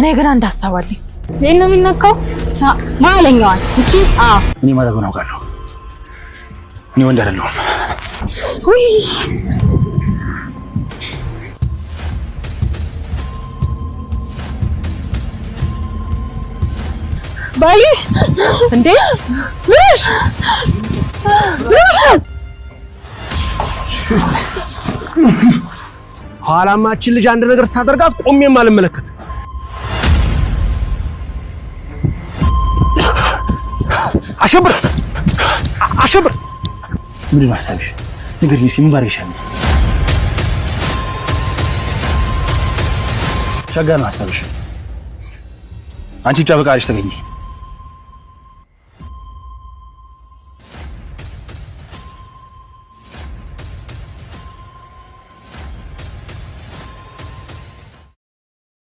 እኔ ግን አንድ ሀሳብ አለኝ። ይህን ነው የሚነካው ማለኛዋል እቺ እኔ ማድረግ ነው አውቃለሁ። እኔ ወንድ አይደለሁም። ባይሽ እንዴ ልሽ ኋላማችን ልጅ አንድ ነገር ስታደርጋት ቆሜም አልመለከት አሸብር አሸብር፣ ምንድን ነው ሀሳብሽ? ንገሪኝ እስኪ ምን ሸጋ ነው ሀሳብሽ። አንቺ ብቻ አለሽ ተገኘ